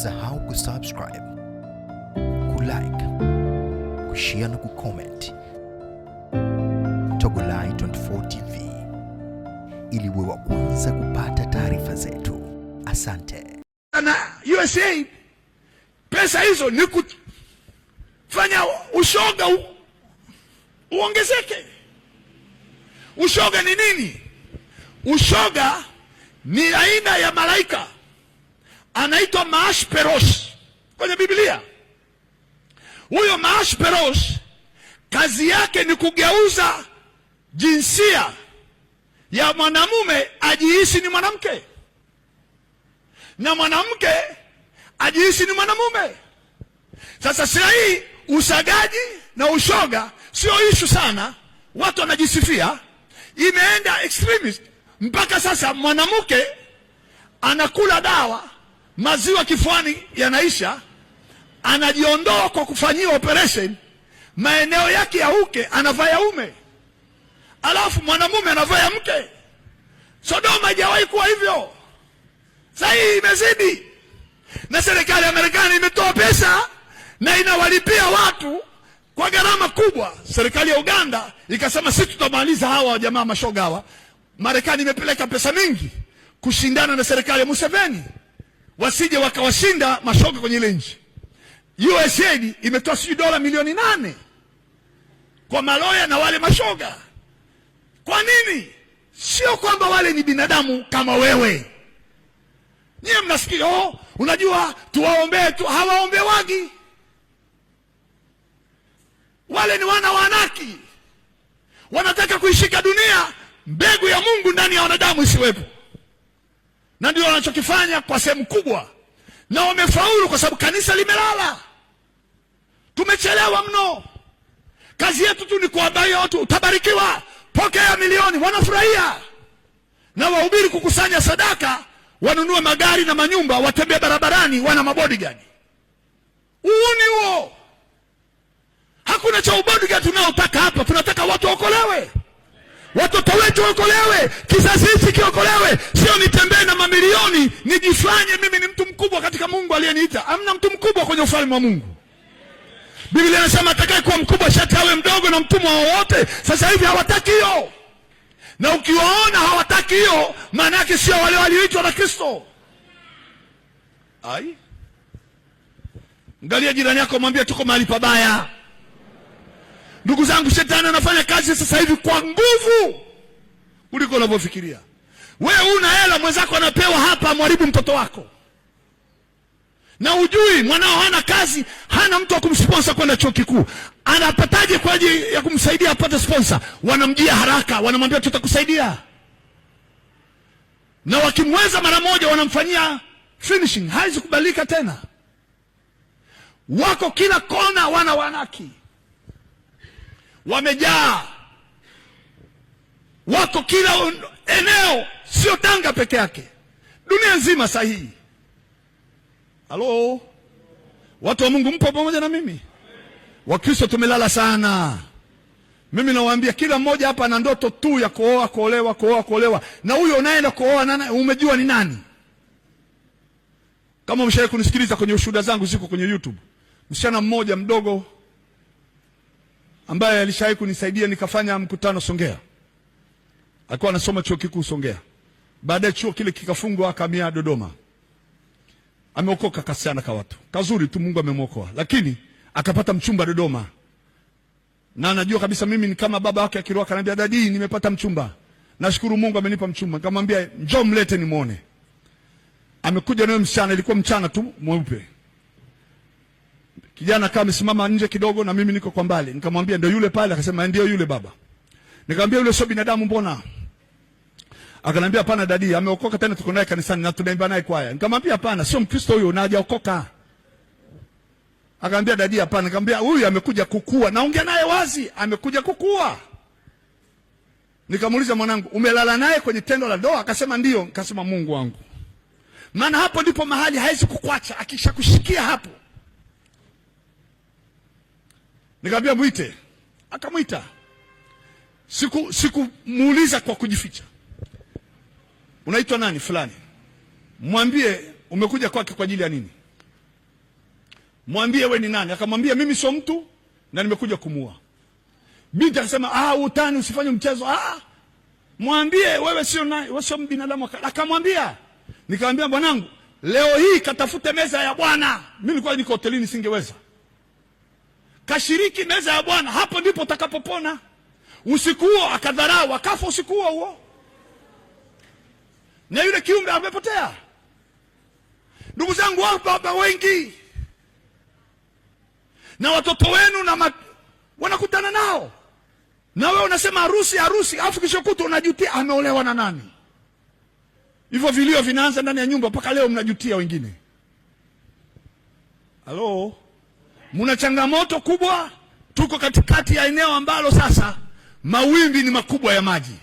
Usisahau kusubscribe, kulike, kushare na kucomment Togolai 24 TV ili wewe wa kwanza kupata taarifa zetu. Asante. Na USA pesa hizo ni kufanya ushoga u, uongezeke. Ushoga ni nini? Ushoga ni aina ya malaika anaitwa Maash Perosh kwenye Biblia. Huyo Maash Perosh kazi yake ni kugeuza jinsia ya mwanamume ajihisi ni mwanamke na mwanamke ajihisi ni mwanamume. Sasa saa hii usagaji na ushoga sio ishu sana, watu wanajisifia, imeenda extremist mpaka sasa mwanamke anakula dawa maziwa kifuani yanaisha, anajiondoa kwa kufanyiwa operation, maeneo yake ya uke anavaa ya ume, alafu mwanamume anavaa ya mke. Sodoma haijawahi kuwa hivyo, sasa hii imezidi, na serikali ya Marekani imetoa pesa na inawalipia watu kwa gharama kubwa. Serikali ya Uganda ikasema sisi tutamaliza hawa jamaa mashoga hawa. Marekani imepeleka pesa mingi kushindana na serikali ya Museveni wasije wakawashinda mashoga kwenye ile nchi. USAID imetoa sijui dola milioni nane kwa maloya na wale mashoga. Kwa nini? Sio kwamba wale ni binadamu kama wewe. Nyie mnasikia oh, unajua tuwaombee tu, hawaombewagi wale ni wana wanaki, wanataka kuishika dunia, mbegu ya Mungu ndani ya wanadamu isiwepo na ndio wanachokifanya kwa sehemu kubwa, na wamefaulu kwa sababu kanisa limelala. Tumechelewa mno. Kazi yetu tu ni kuwadai watu utabarikiwa, pokea milioni. Wanafurahia na wahubiri kukusanya sadaka, wanunue magari na manyumba, watembee barabarani, wana gani? Uuni huo, hakuna cha gani tunaotaka hapa. Tunataka watu waokolewe. Kwa wetu tuokolewe, kizazi hichi kiokolewe, sio nitembee na mamilioni nijifanye mimi ni mtu mkubwa katika Mungu aliyeniita. Hamna mtu mkubwa kwenye ufalme wa Mungu. Biblia inasema atakaye kuwa mkubwa shati awe mdogo na mtumwa wa wote. Sasa hivi hawataki hiyo, na ukiwaona hawataki hiyo, maana yake sio wale walioitwa na Kristo. Ai, ngalia jirani yako, mwambie tuko mahali pabaya. Ndugu zangu, shetani anafanya kazi sasa hivi kwa nguvu kuliko unavyofikiria. Wewe una hela, mwenzako anapewa hapa, amharibu mtoto wako, na ujui mwanao hana kazi, hana mtu wa kumsponsor kwenda chuo kikuu. Anapataje kwa ajili ya kumsaidia apate sponsor? Wanamjia haraka, wanamwambia tutakusaidia, na wakimweza mara moja wanamfanyia finishing. kubadilika tena, wako kila kona, wana wanaki wamejaa wako kila eneo, sio Tanga peke yake, dunia nzima sahihi. Halo, watu wa Mungu, mpo pamoja na mimi? Wakristo tumelala sana. Mimi nawaambia kila mmoja hapa ana ndoto tu ya kuoa, kuolewa, kuoa, kuolewa, na huyo unaenda kuoa nana, umejua ni nani? Kama mshawahi kunisikiliza kwenye ushuhuda zangu, ziko kwenye YouTube. Msichana mmoja mdogo ambaye alishawahi kunisaidia nikafanya mkutano Songea alikuwa anasoma chuo kikuu Songea, baadaye chuo kile kikafungwa, akamia Dodoma. Ameokoka kasiana ka watu kazuri tu, Mungu amemwokoa, lakini akapata mchumba Dodoma, na anajua kabisa mimi ni kama baba yake akiroa. kanambia dadi, nimepata mchumba, nashukuru Mungu amenipa mchumba. Nikamwambia, njoo mlete nimuone. Amekuja nayo msichana, ilikuwa mchana tu, mweupe kijana kama amesimama nje kidogo, na mimi niko kwa mbali. Nikamwambia, ndio yule pale? Akasema, ndio yule baba. Nikamwambia, yule sio binadamu, mbona Akanambia hapana, dadi ameokoka tena, tuko naye kanisani na tunaimba naye kwaya. Nikamwambia hapana, sio Mkristo huyo na hajaokoka. Akamwambia dadi hapana, nikamwambia huyu amekuja kukua. Naongea naye wazi, amekuja kukua. Nikamuuliza mwanangu, umelala naye kwenye tendo la ndoa? Akasema ndio. Nikasema Mungu wangu, maana hapo ndipo mahali hawezi kukwacha, akishakushikia hapo. Nikamwambia mwite, akamwita. Siku sikumuuliza kwa kujificha unaitwa nani fulani, mwambie umekuja kwake kwa ajili ya nini. Mwambie we ni nani. Akamwambia mimi sio mtu na nimekuja kumua. Binti akasema ah, utani usifanye mchezo ah. Mwambie wewe sio nani, wewe sio binadamu. Akamwambia, nikamwambia bwanangu, leo hii katafute meza ya Bwana. Mimi nilikuwa niko hotelini, singeweza. Kashiriki meza ya Bwana, hapo ndipo utakapopona. Usiku huo akadharau, akafa usiku huo huo na yule kiumbe amepotea. Ndugu zangu, hapa baba wengi na watoto wenu na mat... wanakutana nao, na wewe unasema harusi harusi, afu kesho unajutia ameolewa na nani. Hivyo vilio vinaanza ndani ya nyumba, mpaka leo mnajutia wengine. Halo, muna changamoto kubwa. Tuko katikati ya eneo ambalo sasa mawimbi ni makubwa ya maji.